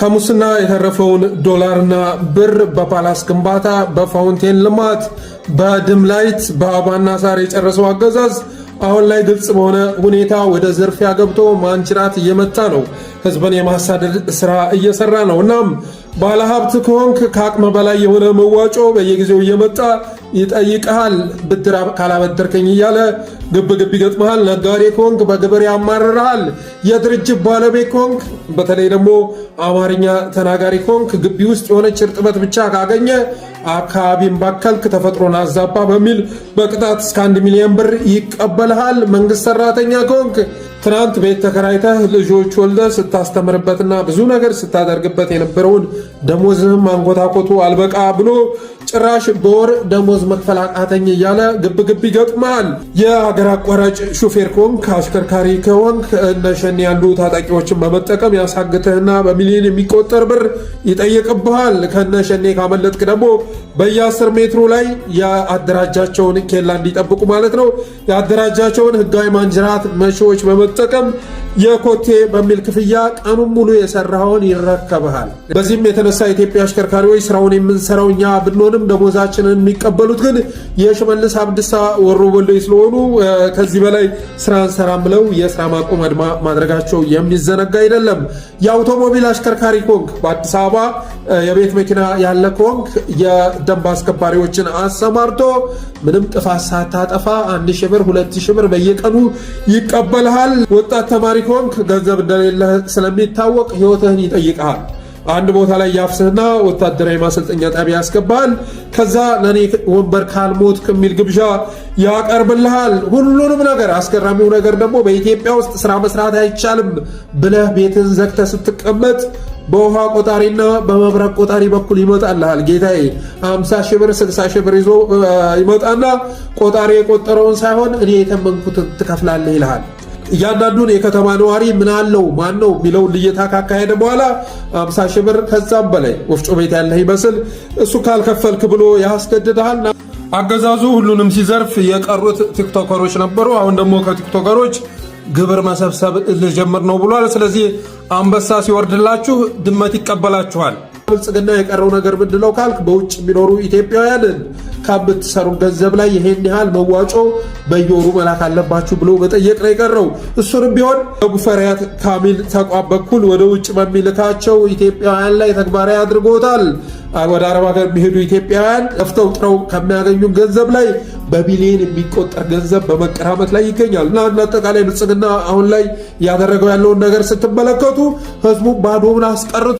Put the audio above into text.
ከሙስና የተረፈውን ዶላርና ብር በፓላስ ግንባታ፣ በፋውንቴን ልማት፣ በድምላይት፣ በአበባና ሳር የጨረሰው አገዛዝ አሁን ላይ ግልጽ በሆነ ሁኔታ ወደ ዝርፊያ ገብቶ ማንችራት እየመጣ ነው። ህዝብን የማሳደድ ስራ እየሰራ ነው። እናም ባለሀብት ከሆንክ ከአቅመ በላይ የሆነ መዋጮ በየጊዜው እየመጣ ይጠይቀሃል። ብድር ካላበደርከኝ እያለ ግብ ግብ ይገጥመሃል። ነጋዴ ኮንክ በግብር ያማርርሃል። የድርጅት ባለቤት ኮንክ በተለይ ደግሞ አማርኛ ተናጋሪ ኮንክ ግቢ ውስጥ የሆነች እርጥበት ብቻ ካገኘ አካባቢን ባከልክ፣ ተፈጥሮን አዛባ በሚል በቅጣት እስከ አንድ ሚሊዮን ብር ይቀበልሃል። መንግስት ሰራተኛ ኮንክ ትናንት ቤት ተከራይተህ ልጆች ወልደህ ስታስተምርበትና ብዙ ነገር ስታደርግበት የነበረውን ደሞዝህም ማንኮታኮቱ አልበቃ ብሎ ጭራሽ በወር ደሞዝ መክፈል አቃተኝ እያለ ግብግብ ይገጥማል። የሀገር አቋራጭ ሹፌር ከሆንክ አሽከርካሪ ከሆንክ እነሸን ያሉ ታጣቂዎችን በመጠቀም ያሳግትህና በሚሊዮን የሚቆጠር ብር ይጠይቅብሃል። ከነሸኔ ካመለጥክ ደግሞ በየአስር ሜትሩ ላይ የአደራጃቸውን ኬላ እንዲጠብቁ ማለት ነው። የአደራጃቸውን ህጋዊ ማንጅራት መሺዎች በመ በመጠቀም የኮቴ በሚል ክፍያ ቀኑን ሙሉ የሰራውን ይረከብሃል። በዚህም የተነሳ የኢትዮጵያ አሽከርካሪዎች ስራውን የምንሰራው እኛ ብንሆንም ደሞዛችንን የሚቀበሉት ግን የሽመልስ ወሮ ወሮበሎ ስለሆኑ ከዚህ በላይ ስራ እንሰራም ብለው የስራ ማቆም አድማ ማድረጋቸው የሚዘነጋ አይደለም። የአውቶሞቢል አሽከርካሪ ኮንክ በአዲስ አበባ የቤት መኪና ያለ ኮንክ የደንብ አስከባሪዎችን አሰማርቶ ምንም ጥፋት ሳታጠፋ አንድ ሺህ ብር ሁለት ሺህ ብር በየቀኑ ይቀበልሃል። ወጣት ተማሪ ከሆንክ ገንዘብ እንደሌለህ ስለሚታወቅ ህይወትህን ይጠይቀሃል። አንድ ቦታ ላይ ያፍስህና ወታደራዊ ማሰልጠኛ ጣቢያ ያስገባሃል። ከዛ ለእኔ ወንበር ካልሞት ከሚል ግብዣ ያቀርብልሃል። ሁሉንም ነገር አስገራሚው ነገር ደግሞ በኢትዮጵያ ውስጥ ስራ መስራት አይቻልም ብለህ ቤትን ዘግተህ ስትቀመጥ በውሃ ቆጣሪና በመብረቅ ቆጣሪ በኩል ይመጣልሃል። ጌታዬ 50 ሺህ ብር 60 ሺህ ብር ይዞ ይመጣና ቆጣሪ የቆጠረውን ሳይሆን እኔ የተመንኩትን ትከፍላለህ ይልሃል። እያንዳንዱን የከተማ ነዋሪ ምን አለው ማን ነው የሚለውን ልየታ ካካሄደ በኋላ አምሳ ሺህ ብር ከዛም በላይ ወፍጮ ቤት ያለህ ይመስል እሱ ካልከፈልክ ብሎ ያስገድድሃል። አገዛዙ ሁሉንም ሲዘርፍ የቀሩት ቲክቶከሮች ነበሩ። አሁን ደግሞ ከቲክቶከሮች ግብር መሰብሰብ ልጀምር ነው ብሏል። ስለዚህ አንበሳ ሲወርድላችሁ ድመት ይቀበላችኋል። ብልጽግና የቀረው ነገር ምንድነው ካልክ በውጭ የሚኖሩ ኢትዮጵያውያንን ከምትሰሩ ገንዘብ ላይ ይሄን ያህል መዋጮ በየወሩ መላክ አለባችሁ ብሎ መጠየቅ ነው የቀረው። እሱንም ቢሆን በጉፈሪያት ካሚል ተቋም በኩል ወደ ውጭ በሚልካቸው ኢትዮጵያውያን ላይ ተግባራዊ አድርጎታል። ወደ አረብ ሀገር የሚሄዱ ኢትዮጵያውያን ለፍተው ጥረው ከሚያገኙ ገንዘብ ላይ በቢሊዮን የሚቆጠር ገንዘብ በመቀራመት ላይ ይገኛል እና አጠቃላይ ብልጽግና አሁን ላይ እያደረገው ያለውን ነገር ስትመለከቱ ህዝቡ ባዶውን አስቀርቶ